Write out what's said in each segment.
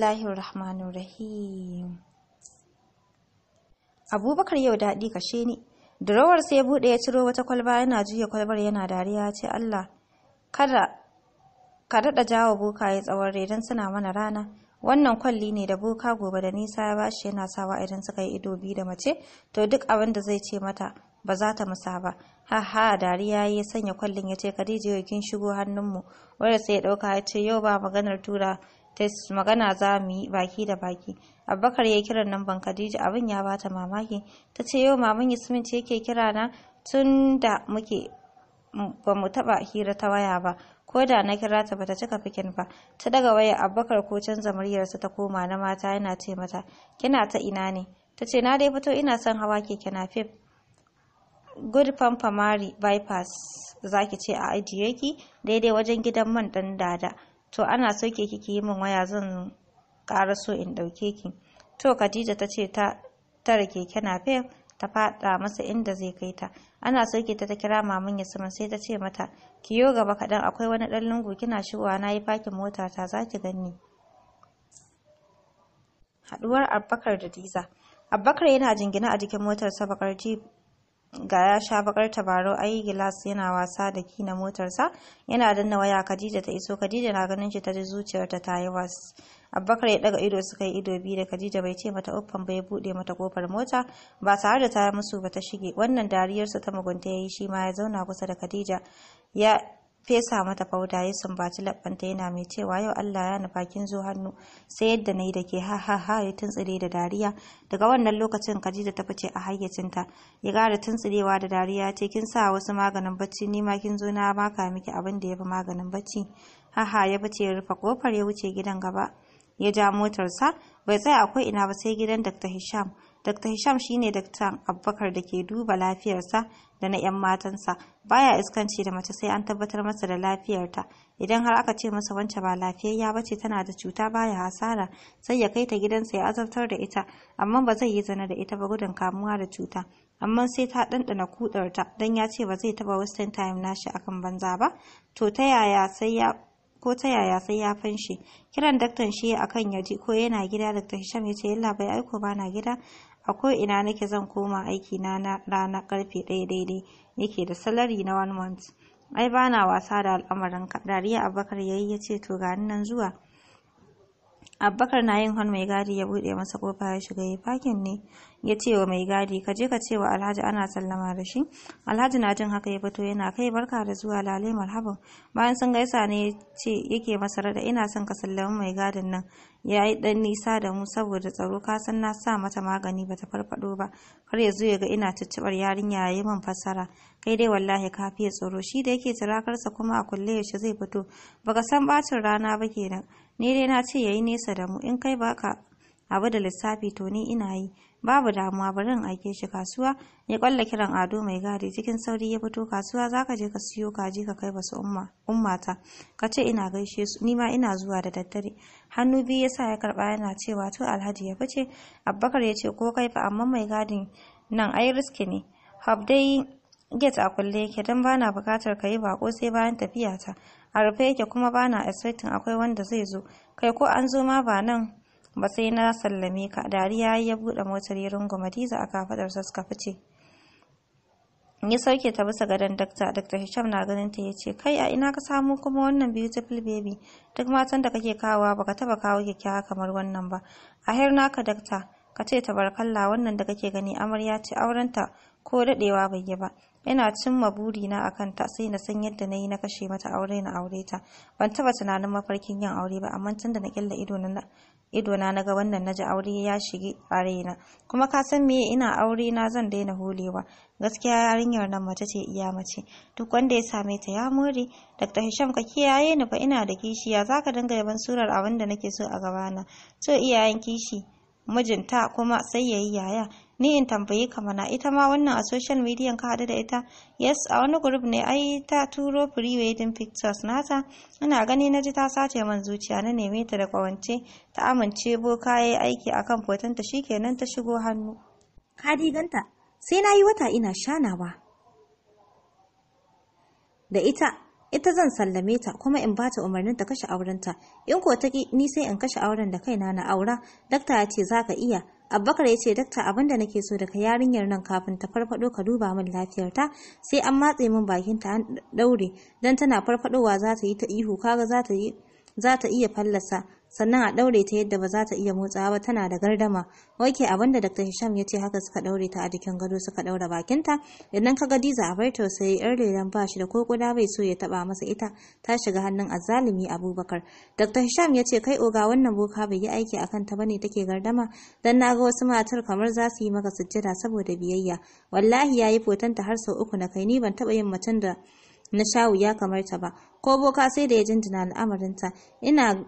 rahim Abubakar yau daɗi kashe ni. Durowar sai buɗe ya ciro wata kwalba yana juya kwalbar yana dariya ce Allah. Kada ka daɗa jawo ya tsawon redon suna mana rana. Wannan kwalli ne da boka gobe da nisa ya bashi yana sawa idan suka yi ido biyu da mace, to duk abin da zai ce mata ba za ta musa ba. Ha ha dariya ya sanya kwallin ya ce Khadija yau kin shigo hannunmu. Wanda sai ya ɗauka ya ce yau ba maganar tura tes magana za mu yi baki da baki abubakar ya kiran nan ban khadija abin ya bata mamaki ta ce yau maman yasmin ce yake kira na tun da muke ba mu taba hira ta waya ba ko da na kira ta bata cika fikin ba ta daga waya abubakar ko canza muryarsa ta koma na mata yana ce mata kina ta ina ne ta ce na dai fito ina son hawa keke fif good pampamari bypass zaki ce a ajiye ki daidai wajen gidan man dan dada to ana sauke ke yi min waya zan ƙara so in ɗauke ki to khadija ta ce ta tare keke na ta faɗa masa inda zai kai ta ana sauke ta ta kira maman sama sai ta ce mata ki yo gaba kaɗan akwai wani ɗan lungu kina shigowa na yi fakin mota ta za ki gani haɗuwar abbakar da diza abbakar yana jingina a jikin motar sabakar jeep ga ya sha bakar tabarau ai gilas yana wasa da ki na motarsa yana danna waya Khadija ta iso Khadija na ganin shi ta ji zuciyarta ta yi was Abubakar ya daga ido suka yi ido biyu da Khadija bai ce mata uffan ba ya bude mata kofar mota ba tare da ta musu ba ta shige wannan dariyarsa ta mugunta ya yi shi ma ya zauna kusa da Khadija ya fesa mata fauda ya sumbaci labbanta yana mai cewa yau Allah ya nufa kin zo hannu sai yadda nayi da ke ha ha ha ya tuntsire da dariya daga wannan lokacin Khadija ta fice a hayyacinta ya gara tuntsirewa da dariya ce kin sa wasu maganin bacci ni ma kin zo na maka miki abin da fi maganin bacci ha ha ya fice ya rufe kofar ya wuce gidan gaba ya ja motarsa bai tsaya akwai ina ba sai gidan Dr. Hisham Dr. Hisham shine daktan Abubakar da ke duba lafiyarsa da na 'yan matansa. Baya iskanci da mace sai an tabbatar masa da lafiyarta. Idan har aka ce masa wance ba lafiyayya ba ce tana da cuta baya hasara, sai ya kai ta gidansa ya azabtar da ita, amma ba zai yi zana da ita ba gudun kamuwa da cuta. amma sai ta ɗanɗana kudarta don ya ce ba zai taɓa wasting time nashi akan banza ba to ta yaya sai ya ko ta yaya sai ya fanshe kiran daktan shi akan yaji ko yana gida daktan Hisham ya ce yalla bai aiko ba na gida a ina nake zan koma aiki na rana karfe ɗaya daidai yake da salari na one month ai bana wasa da al'amarin ka dariya abubakar yayi ya ce to gani nan zuwa Abubakar na yin hon mai gadi ya buɗe masa kofa ya shiga ya fakin ne ya ce wa mai gadi ka je ka ce wa Alhaji ana sallama da shi Alhaji na jin haka ya fito yana kai barka da zuwa lalai marhaban bayan sun gaisa ne ya ce yake masa rada ina son ka sallama mai gadin nan ya yi dan nisa da mu saboda tsaro ka san na sa mata magani ba ta farfado ba har ya zo ya ga ina tuttubar yarinya yayi man fassara kai dai wallahi ka fiye tsaro shi da yake tirakarsa kuma a kulle yaushe zai fito baka san bacin rana ba kenan ni dai na ce yayi nesa da mu in kai baka abu da lissafi to ni ina yi babu damuwa bari in aike shi kasuwa ya kwalla kiran ado mai gadi cikin sauri ya fito kasuwa zaka je ka siyo kaji ka kai basu umma ummata ka ce ina gaishe su ni ma ina zuwa da daddare hannu biyu yasa ya karba yana cewa to alhaji ya fice abbakar ya ce ko kai fa amma mai gadin nan ai riski ne hab dai gate a kulle yake don bana bukatar ka yi bako sai bayan tafiyata a rufe yake kuma bana na expecting akwai wanda zai zo kai ko an zo ma ba nan ba sai na sallame ka dariya ya buɗe motar ya runguma diza a kafadar suka fice ya sauke ta bisa gadon dakta dakta hisham na ganin ta yace kai a ina ka samu kuma wannan beautiful baby duk matan da kake kawowa baka taba kawo kyakkyawa kamar wannan ba a har naka dakta ka ce tabarkalla wannan da kake gani amarya ce aurenta ko dadewa bai yi ba ina cimma burina a kanta sai na san yadda na yi na kashe mata aure na aure ta ban taba tunanin mafarkin yin aure ba amma tun da na killa ido na idona na ga wannan naji aure ya shige a raina kuma ka san me ina aure na zan daina holewa gaskiya yarinyar nan mace ce iya mace duk wanda ya same ta ya more dr hisham ka kiyaye ni fa ina da kishiya zaka dinga yaban surar abin da nake so a gabana so iyayen kishi mijinta kuma sai yayi yaya ni in tambayi ka mana ita ma wannan a social media ka haɗu da ita yes a wani group ne ai ta turo free wedding pictures nata ina gani na ji ta sace man zuciya na neme ta da kwawance ta amince boka yayi aiki akan fotonta shikenan ta shigo hannu ka diganta sai na yi wata ina shanawa da ita ita zan sallame ta kuma in bata umarnin ta kashe aurenta in ko ta ni sai in kashe auren da kaina na aura dakta ya ce zaka iya Abubakar ya ce dakta abinda nake so daga yarinyar nan kafin ta farfado ka duba min lafiyarta sai an matse min bakinta an daure dan tana farfadowa za ta yi ta ihu kaga za ta yi za ta iya fallasa sannan a ɗaure ta yadda ba za ta iya motsawa ba tana da gardama wake abin da dr hisham ya ce haka suka ɗaure ta a jikin gado suka ɗaura bakinta idan ka ga diza a bar tausayi yar lelan ba shi da ko kuda bai so ya taba masa ita ta shiga hannun azzalumi abubakar dr hisham ya ce kai oga wannan boka bai yi aiki akan ta bane take gardama dan na ga wasu matar kamar za su yi maka sujjada saboda biyayya wallahi yayi fotanta har sau uku na kai ni ban taba yin mutum da na shawu ya kamar ta ba ko boka sai da ya jinjina al'amarinta ina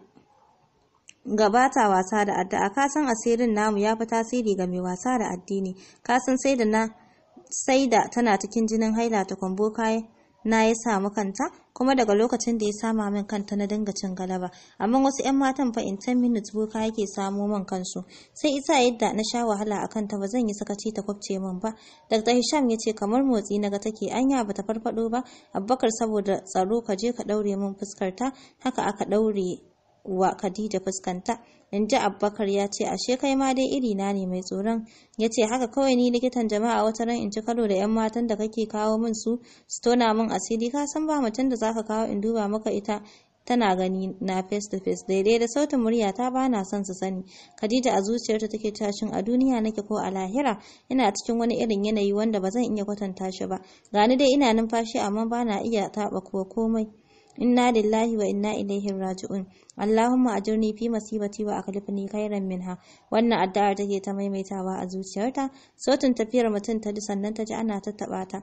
gabata wasa da addu'a ka san asirin namu ya fi tasiri ga mai wasa da addini ka san sai da na sai da tana cikin jinin haila ta kwambo kayan na ya samu kanta kuma daga lokacin da ya sama min kanta na dinga cin galaba amma wasu yan matan fa in 10 minutes boka yake samo man kansu sai isa yadda na sha wahala a kanta ba zan yi sakaci ta kwabce min ba dr hisham ya ce kamar motsi na ga take anya bata farfado ba Abubakar saboda tsaro ka je ka daure min fuskar ta haka aka daure wa khadija fuskanta in ji abbakar ya ce ashe kai ma dai iri na ne mai tsoron ya ce haka kawai ni likitan jama'a wata ran in ci karo da yan matan da kake kawo min su su tona min asiri ka san ba mutum da zaka kawo in duba maka ita tana gani na face to face daidai da sautin murya ta bana son su sani Khadija a zuciyarta take tashin a duniya nake ko a lahira ina cikin wani irin yanayi wanda ba zan iya kwatanta shi ba gani dai ina numfashi amma bana iya taba kuwa komai inna lillahi wa inna ilaihi raji'un Allahumma ajirni fi masibati wa akhlifni khairan minha wannan addu'ar take ta maimaitawa a zuciyarta sautin tafiyar mutum ta ji sannan ta ji ana tattaɓata. ta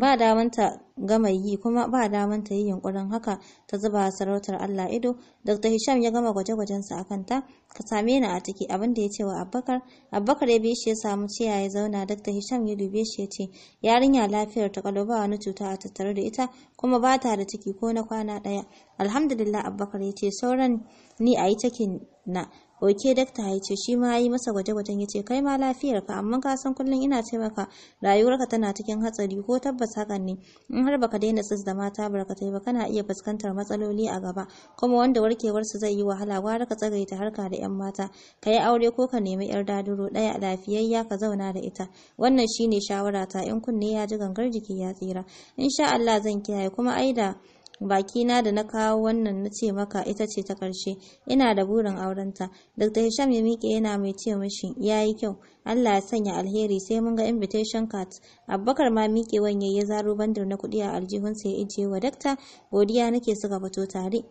ba daman ta gama yi kuma ba daman ta yi yunkurin haka ta zuba sarautar Allah ido Dr. Hisham ya gama gwaje gwajen sa a kanta ka same ni a ciki abin da ya ce wa Abubakar Abubakar ya bi shi ya samu ciya ya zauna Dr. Hisham ya dube shi ya ce yarinya lafiyar ta kalo ba wani cuta a tattare da ita kuma ba ta da ciki ko na kwana daya? alhamdulillah Abubakar ya ce sauran ni ayi yi cikin na oke dakta ya ce shi ma ya yi masa gwaje-gwajen ya ce kai ma lafiyar ka amma ka san kullum ina ce maka rayuwarka tana cikin hatsari ko tabbas hakan ne in har baka daina tsis da mata barkatai ba kana iya fuskantar matsaloli a gaba kuma wanda warkewar su zai yi wahala gwara ka ta harka da yan mata ka yi aure ko ka nemi yar daduro daya lafiyayya ka zauna da ita wannan shine shawarata in kunne ya ji gangar jiki ya tsira insha Allah zan kiyaye kuma aida bakina da na kawo wannan na ce maka ita ce ta ƙarshe ina da burin aurenta dr hisham ya miƙe yana mai ce mashi ya yi kyau allah ya sanya alheri sai mun ga invitation card abubakar ma miƙe wanye ya zaro bandar na kuɗi a aljihunsa ya ijiye wa dakta godiya nake suka fito tare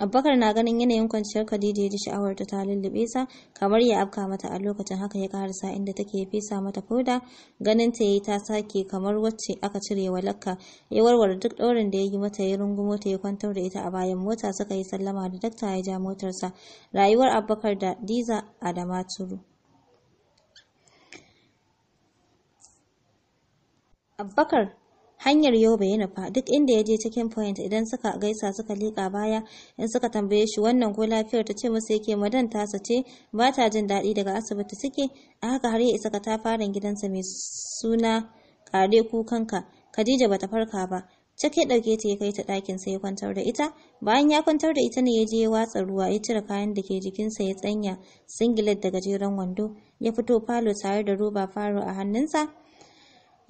Abubakar na ganin yanayin kwanciyar Khadija ya ji sha'awar ta ta lullube sa kamar ya afka mata a lokacin haka ya karasa inda take fesa mata foda ganin ta yayi ta sake kamar wacce aka cire walakka ya warware duk daurin da ya yi mata ya rungumo ta ya kwantar da ita a bayan mota suka yi sallama da dakta ya ja motarsa rayuwar Abubakar da Diza Adama Turu. Abubakar hanyar yau ya fa duk inda ya je cikin point idan suka gaisa suka liƙa baya in suka tambaye shi wannan ko lafiyar ta ce musu yake madan tasa ce ba ta jin daɗi daga asibiti suke a haka har ya isa ka fara gidansa mai suna kare kukanka khadija bata farka ba cike dauke ta ya kai ta ɗakin sai ya kwantar da ita bayan ya kwantar da ita ne ya je ya watsa ruwa ya cire kayan da ke jikinsa ya tsanya singlet da gajeren wando ya fito falo tare da roba faro a hannunsa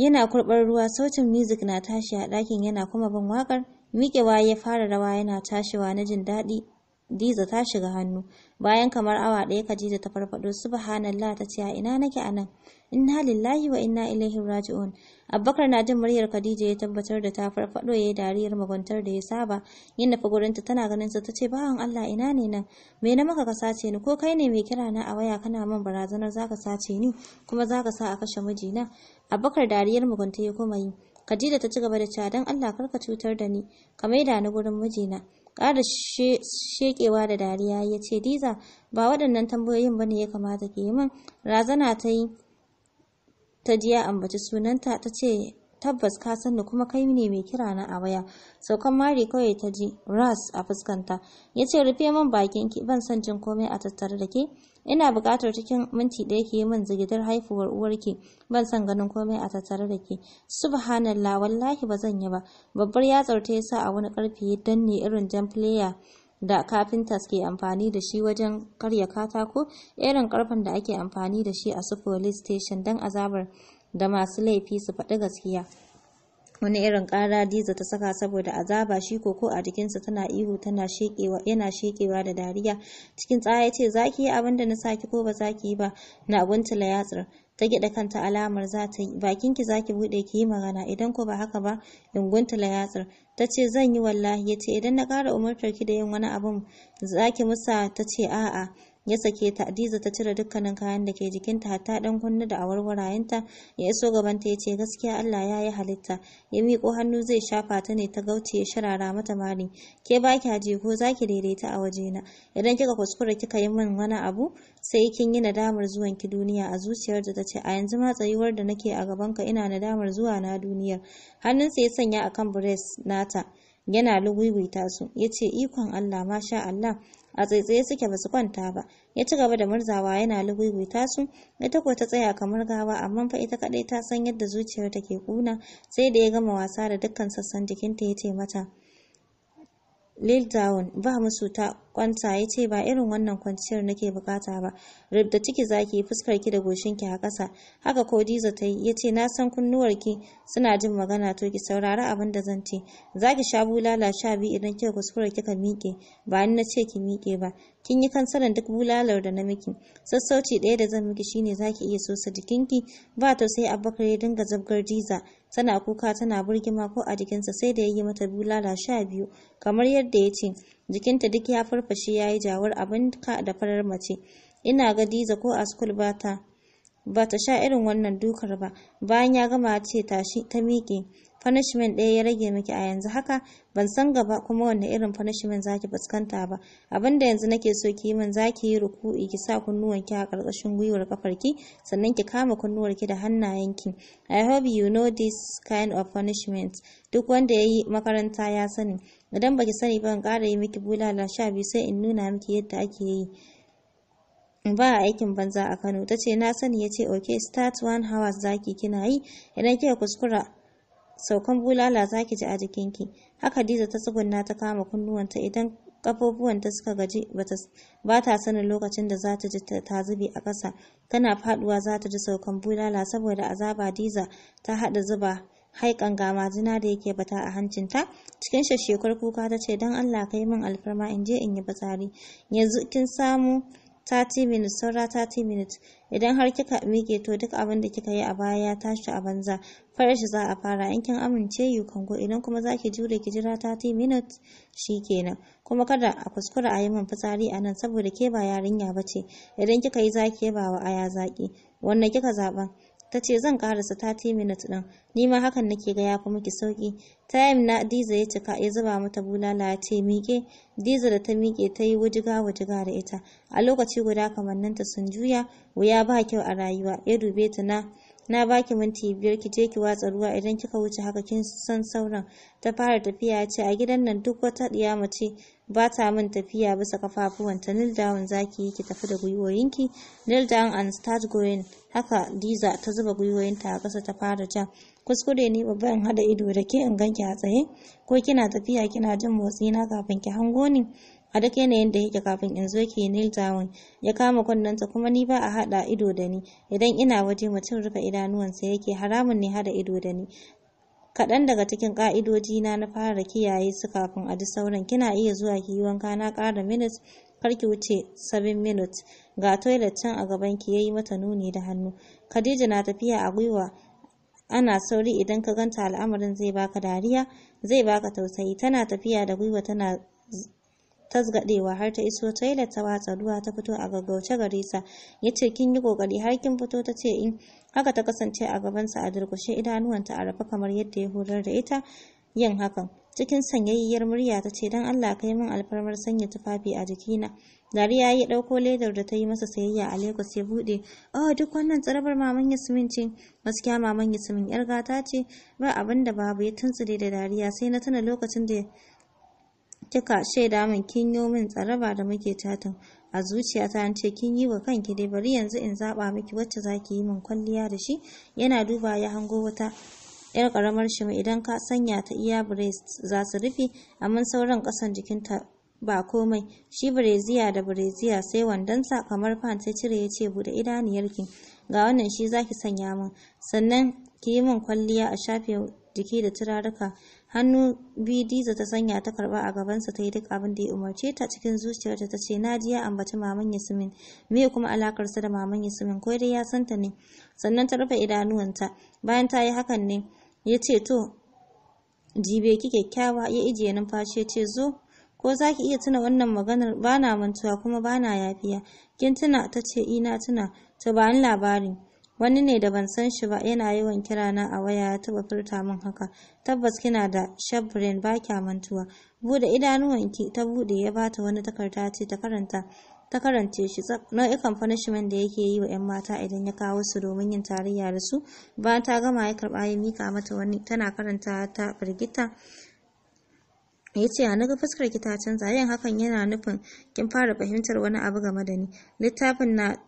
Yana kurɓar ruwa sautin music na tashi a ɗakin yana kuma bin waƙar, miƙewa ya fara rawa yana tashiwa na jin daɗi Diza ta shiga hannu. Bayan kamar awa ɗaya Khadija ta farfado subhanallah ta ce a ina nake a anan. Inna lillahi wa inna ilaihi raji'un. Abubakar na jin muryar Khadija ya tabbatar da ta farfado yi dariyar magwantar da ya saba. Yin nafa gurinta tana ganin sa ce bawan Allah ina ne nan? Me na maka ka sace ni ko kai ne mai kira na a waya kana man barazanar zaka sace ni kuma zaka sa a kashe mijina? Abubakar dariyar magwanta ya koma yi. Khadija ta ci gaba da cewa don Allah karka cutar da ni, ka maida ni gurin mijina. Ƙara shekewa da dariya ya ce, Diza, ba waɗannan tambayoyin ba ne ya kamata ke yi min. Razana ta yi ta ji ambaci sunanta ta ce, tabbas ka san ni kuma kai ne mai kira na a waya saukan mari kawai ta ji ras a fuskanta ya ce rufe min bakin ki ban san jin komai a tattare da ke ina bukatar cikin minti ɗaya ke yi min zigidar haifuwar uwarki ban san ganin komai a tattare da ke subhanallah wallahi ba zan yi ba babbar yatsar ta yasa a wani karfi ya ne irin jan player da kafintas ke amfani da shi wajen karya katako irin karfin da ake amfani da shi a su police station don azabar da masu laifi su faɗi gaskiya wani irin ƙara diza ta saka saboda azaba shi ko ko a jikinsa tana ihu tana shekewa yana shekewa da dariya cikin tsaya ya ce za ki yi abin da na saki ko ba za ki yi ba na guntula yatsar ta gida kanta alamar za ta yi bakinki za ki buɗe ki yi magana idan ko ba haka ba in guntula yatsar ta ce zan yi wallahi ya ce idan na ƙara umartar ki da yin wani abin za ki musa ta ce a'a ya sake ta Adiza ta cire dukkanin kayan da ke jikinta hatta dan kunna da awarwarayinta ya iso gabanta ya ce gaskiya Allah ya yi halitta ya miƙo hannu zai shafa ta ne ta gauce ya sharara mata mari ke ba ki haje ko za ki daidaita a wajena idan kika kuskura kika yi min wani abu sai kin yi nadamar zuwan ki duniya a zuciyar da ta ce a yanzu ma tsayuwar da nake a gabanka ina nadamar zuwa na duniyar hannunsa ya sanya akan bres nata yana lugwiwita su ya ce ikon Allah masha Allah a tsaitsaye suke ba su kwanta ba ya ci gaba da murzawa yana luguguita su ita ko ta tsaya kamar gawa amma fa ita kadai ta san yadda zuciyarta ke kuna sai da ya gama wasa da dukkan sassan jikinta ya ce mata Lil Down ba musu ta kwanta ya ce ba irin wannan kwanciyar nake bukata ba. Rib da ciki zaki fuskar ki da goshin ki a ƙasa. Haka ko Diza ta yi ya ce na san kunnuwar ki suna jin magana to ki saurari abin da zan ce. zaki sha bulala sha biyu idan kika kuskura kika miƙe ba ni na ce ki miƙe ba. kin yi kansaran duk bulalar da na miki sassauci ɗaya da zan miki shine zaki iya sosa jikinki ba to sai abubakar ya dinga zabgar jiza tana kuka tana burgima ko a jikinsa sai da ya yi mata bulala sha biyu kamar yadda ya ce jikinta duk ya farfashe ya yi jawar abin ka da farar mace ina ga diza ko a skul ba ta sha irin wannan dukar ba bayan ya gama ce ta miƙe punishment ɗaya ya rage miki a yanzu haka ban san gaba kuma wanne irin punishment zaki fuskanta ba abinda yanzu nake so ki min zaki yi ruku'i ki sa ki a ƙarƙashin gwiwar kafarki sannan ki kama kunnuwar ki da hannayenki i hope you know this kind of punishment duk wanda ya yi makaranta ya sani idan baki sani ba in ƙara yi miki bulala sha biyu sai in nuna miki yadda ake yi ba a aikin banza a Kano ta ce na sani ya ce ok start one hours zaki kina yi idan kika kuskura saukan bulala za ki ji a jikinki haka diza ta tsugunna ta kama kunnuwanta idan kafofuwanta suka gaji ba ta sanin lokacin da za ta ji ta zube a ƙasa tana faduwa za ta ji saukan bulala saboda azaba diza ta haɗa zuba haikan ga majina da yake bata a hancinta cikin shashekar kuka ta ce don allah kai min alfarma in je in yi batsari yanzu kin samu 30 minutes saura 30 minutes idan har kika mike to duk abin da kika yi a baya ya tashi a banza farashi za a fara in kin amince you can go idan kuma zaki jure ki jira 30 minutes kenan kuma kada a kuskura a yi min fitsari a nan saboda ke ba yarinya bace idan kika yi zaki yaba wa aya zaki wannan kika zaɓa ta ce zan karasa 30 minutes ɗin ni ma hakan nake ga ya fi miki sauki time na diza ya cika ya zuba mata bulala ya ce miƙe diza da ta miƙe ta yi wajiga wajiga da ita a lokaci guda kamar kamanninta sun juya wuya ba kyau a rayuwa ya dube ta na na baki minti biyar ki je ki watsa ruwa idan kika wuce haka kin san sauran ta fara tafiya ce a gidan nan duk wata ɗiya mace ba ta min tafiya bisa kafafuwanta nil down zaki ki tafi da gwiwoyinki nil down and start going haka diza ta zuba gwiwoyinta a ƙasa ta fara ja kuskure ne babban hada ido da ke in ganki a tsaye ko kina tafiya kina jin motsi na kafin ki hango ni a duk yanayin da yake kafin in zo ki nil down ya kama kunnanta kuma ni ba a hada ido da ni idan ina waje mutum rufe idanuwansa yake haramun ne hada ido da ni kaɗan daga cikin ƙa'idoji na na fara kiyaye su kafin a ji sauran kina iya zuwa ki yi wanka na ƙara minutes kar ki wuce 7 minutes ga toilet can a gaban ki yayi mata nuni da hannu Khadija na tafiya a gwiwa ana sauri idan ka ganta al'amarin zai baka dariya zai baka tausayi tana tafiya da gwiwa tana tasgadewa har ta iso taila ta watsa ruwa ta fito a gaggauce gare sa ce kin yi kokari har kin fito ta ce in eh. haka ta kasance a gabansa a durkushe idanuwanta a rafa kamar yadda ya horar da ita yin hakan cikin sanyayyiyar murya ta ce don Allah kai min alfarmar sanya tufafi a jikina dariya ya yi ɗauko ledar da ta yi masa sayayya a Lagos ya buɗe oh duk wannan tsarabar maman Yasmin ce gaskiya maman Yasmin yar gata ce ba abin da babu ya tuntsire da dariya sai na tana lokacin da kika shaida min kin yo min tsaraba da muke tatin a zuciyata an ce kin yi wa kanki dai bari yanzu in zaba miki wacce zaki yi min kwalliya da shi yana duba ya hango wata yar karamar shi idan ka sanya ta iya breast za su rufe amma sauran kasan jikinta ba komai shi breziya da bireziya sai sa kamar fan sai cire yace ce bude idaniyarki ga wannan shi zaki sanya min sannan ki yi min kwalliya a shafe jiki da turaruka hannu biyu diza ta sanya ta karba a gabansa ta yi duk abin da ya umarce ta cikin zuciyarta ta ce ya ambaci maman yasmin me kuma alakarsa da maman yasmin ko dai ya santa ne sannan ta rufe idanuwanta bayan ta yi hakan ne ya ce to jibe ki kyakkyawa ya ijiye numfashi ce zo ko za ki iya tuna wannan maganar bana mantuwa kuma bana yafiya kin tuna ta ce ina tuna ta bani labarin wani ne da ban san shi ba yana yawan kira na a waya ya taba furta min haka tabbas kina da shabrin ba kya mantuwa bude idanuwanki ta bude ya bata wani takarda ce ta karanta ta karance shi tsab nau'ikan punishment da yake yi wa 'yan mata idan ya kawo su domin yin tarayya da su ba ta gama ya karba ya mika mata wani tana karanta ta firgita ya ce a naga fuskar ki ta canza yin hakan yana nufin kin fara fahimtar wani abu game da ni littafin na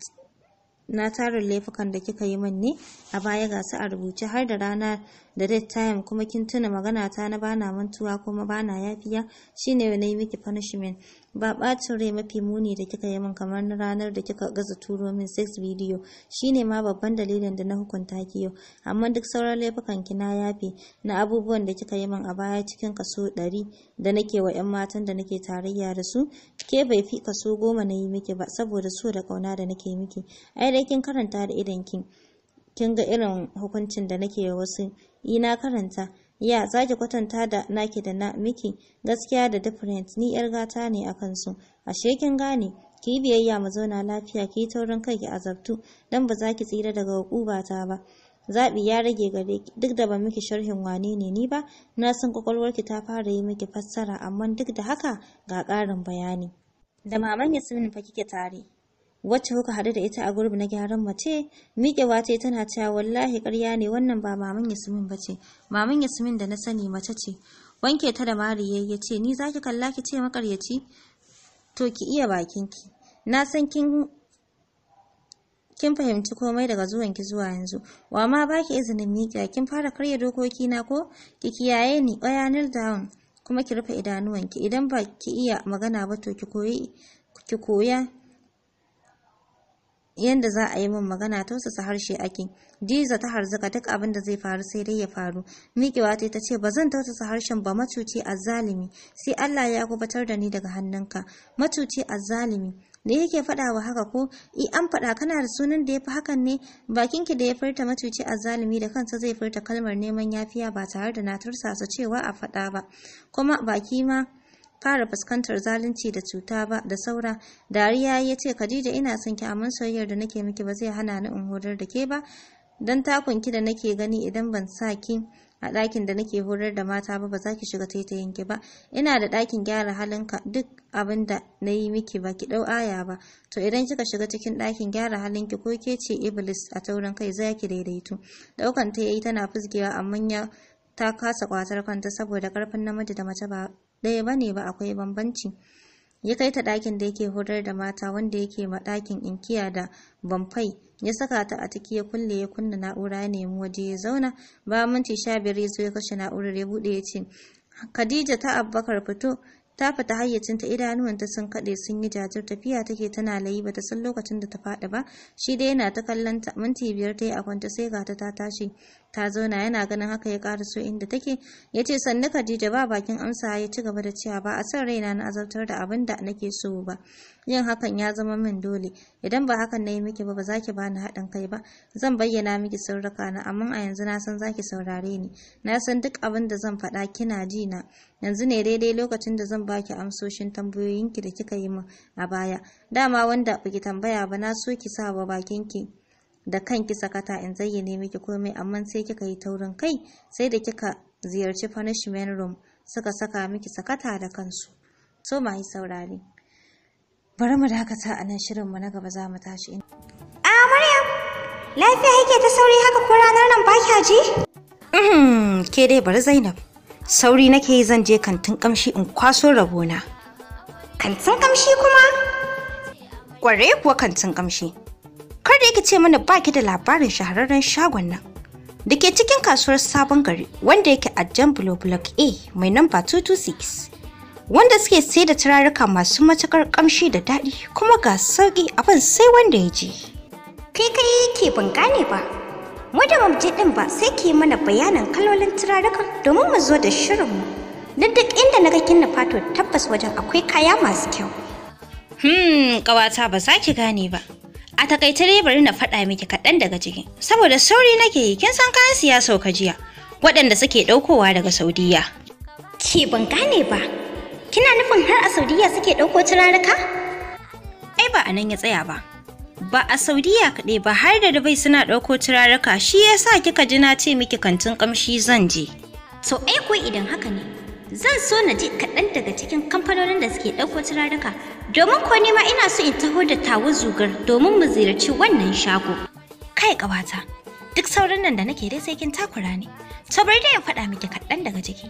na tarin laifukan da kika yi min ne a baya ga su a rubuce har da rana. da dead time kuma kin tuna magana ta na bana mantuwa kuma bana yafiya shine ne yi miki punishment ba bacin rai mafi muni da kika yi min kamar na ranar da kika gaza turo min sex video shine ma babban dalilin da na hukunta ki yau amma duk sauran laifukan ki na yafi na abubuwan da kika yi min a baya cikin kaso ɗari da nake wa 'yan matan da nake tarayya da su ke bai fi kaso goma na yi miki ba saboda so da kauna da nake miki ai dai kin karanta da idan kin kin ga irin hukuncin da nake wasu yi na karanta ya zaki kwatanta da naki da na miki gaskiya da different ni yar gata ne a kansu ashe kin gane ki biyayya mu zauna lafiya ki taurin kai ki azabtu dan ba za ki tsira daga hukubata ba zabi ya rage gare ki duk da ba miki sharhin wane ne ni ba na san ki ta fara yi miki fassara amma duk da haka ga ƙarin bayani da maman Yasmin fa kike tare wacce kuka haɗu da ita a gurbi na gyaran mace miƙewa ta tana cewa wallahi ƙarya ne wannan ba maman yasmin ba ce maman yasmin da na sani mace ce wanke ta da mariye ya ce ni za ki kalla ki ce makaryaci to ki iya bakinki na san kin kin fahimci komai daga zuwan ki zuwa yanzu wa ma baki izinin miƙa kin fara karya dokoki na ko ki kiyaye ni da down kuma ki rufe idanuwanki idan ba ki iya magana ba to ki koya yanda za a yi min magana tausasa harshe ake diza ta harzuka duk abin da zai faru sai dai ya faru miƙewa ta ce ba zan tausasa harshen ba macuci zalimi! sai Allah ya gubatar da ni daga hannunka macuci zalimi! da yake faɗa wa haka ko i an faɗa kana da sunan da ya fi hakan ne bakinki da ya furta macuci zalimi da kansa zai furta kalmar neman yafiya ba tare da na tursasa cewa a faɗa ba kuma baki ma fara fuskantar zalunci da cuta ba da saura dariya ya ce khadija ina son ki amma soyayyar da nake miki ba zai hana ni in horar da ke ba dan takunki da nake gani idan ban sa ki a ɗakin da nake horar da mata ba ba za ki shiga taitayin ki ba ina da ɗakin gyara halinka duk abin da na yi miki ba ki ɗau aya ba to idan kika shiga cikin ɗakin gyara halinki ko ke ce iblis a taurin kai za ki daidaitu ɗaukan ta yayi tana fusgewa amma ya ta kasa kwatar kanta saboda karfin namiji da mace ba ɗaya bane ba akwai bambanci ya kai ta ɗakin da yake horar da mata wanda yake ma ɗakin inkiya da bamfai ya saka ta a ciki ya kulle ya kunna na'ura ya nemi waje ya zauna ba minti sha biyar ya zo ya kashe na'urar ya buɗe ya ce khadija ta Abubakar fito ta fita hayyacinta idanuwanta sun kaɗe sun yi jajir tafiya take tana layi bata san lokacin da ta faɗi ba shi dai yana ta kallon ta minti biyar ta yi a kwanta sai gata ta tashi ta zauna yana ganin haka ya ƙara so inda take ya ce sannu Khadija ba bakin amsa ya ci gaba da cewa ba a san raina na azabtar da abin da nake so ba yin hakan ya zama min dole idan ba hakan na yi miki ba ba za ki bani haɗin kai ba zan bayyana miki sirrika na amma a yanzu na san za ki saurare ni na san duk abin da zan faɗa kina ji na yanzu ne daidai lokacin da zan baki amsoshin tambayoyinki da kika yi min a baya dama wanda baki tambaya ba na so ki sa wa ki da kanki sakata in zayyane miki komai amma sai kika yi taurin kai sai da kika ziyarci punishment room suka saka miki sakata da kansu to mai saurare bari mu dakata a nan shirinmu na gaba za mu tashi in a maryam lafiya yake ta sauri haka ko ranar nan ba kya ji uhm, ke dai bari zainab sauri nake yi zan je kantin kamshi in kwaso rabona kantin kamshi kuma kware kuwa kantin kamshi kar da yake ce mana baki da labarin shahararren shagon nan da ke cikin kasuwar sabon gari wanda yake a jan block a mai namba 226 wanda suke sai da turaruka masu matukar kamshi da daɗi kuma ga sauƙi abin sai wanda ya je kai kai ke ban gane ba mu da din ba sai ki mana bayanan kalolin turarukan domin mu zo da shirin mu duk duk inda na ga kinna fato tabbas wajen akwai kaya masu kyau hmm kawata ba za ki gane ba a takaice dai bari na faɗa miki kaɗan daga cikin saboda sauri nake yi kin san kayan siyasa ka jiya waɗanda suke ɗaukowa daga saudiya ke ban gane ba kina nufin har a saudiya suke ɗauko turaruka ai ba a nan ya tsaya ba ba a saudiya kaɗai ba har da dubai suna ɗauko turaruka shi ya sa kika ji na ce miki kantin ƙamshi zan je to ai ko idan haka ne zan so na ji kaɗan daga cikin kamfanonin da suke ɗauko turaruka domin ko nema ina so in taho da tawo zugar domin mu ziyarci wannan shago kai ƙawata duk sauran nan da nake dai sai kin takura ne to bari dai in faɗa miki kaɗan daga ciki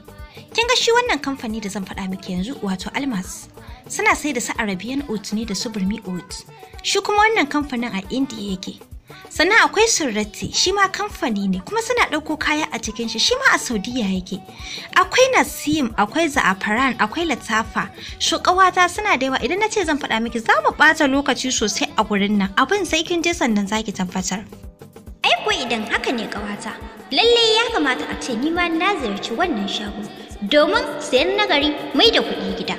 kin ga shi wannan kamfani da zan faɗa miki yanzu wato almas suna sai da su arabian oat ne da Suburmi oat shi kuma wannan kamfanin a indiya yake sannan akwai surratti shi ma kamfani ne kuma suna ɗauko kaya a cikin shi shi ma a saudiya yake akwai nasim akwai za'afaran akwai latafa shukawata suna da yawa idan na ce zan faɗa miki za mu ɓata lokaci sosai a gurin nan abin sai kin je sannan za ki tabbatar ai ko idan haka ne kawata lallai ya kamata a ce ni ma na ziyarci wannan shago domin sayan nagari mai da kuɗi gida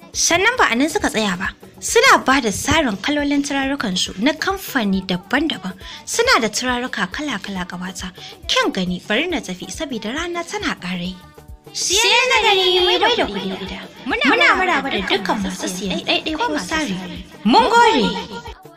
Sannan ba a nan suka tsaya ba, suna ba da tsarin kalolin turarukansu na kamfani daban-daban suna da turaruka kala-kala gabata. Kyan gani bari na tafi saboda rana tana karai Siyan na gani da kuɗi Muna maraba da dukkan masu siyan ɗaiɗai ko tsari. Mun gore!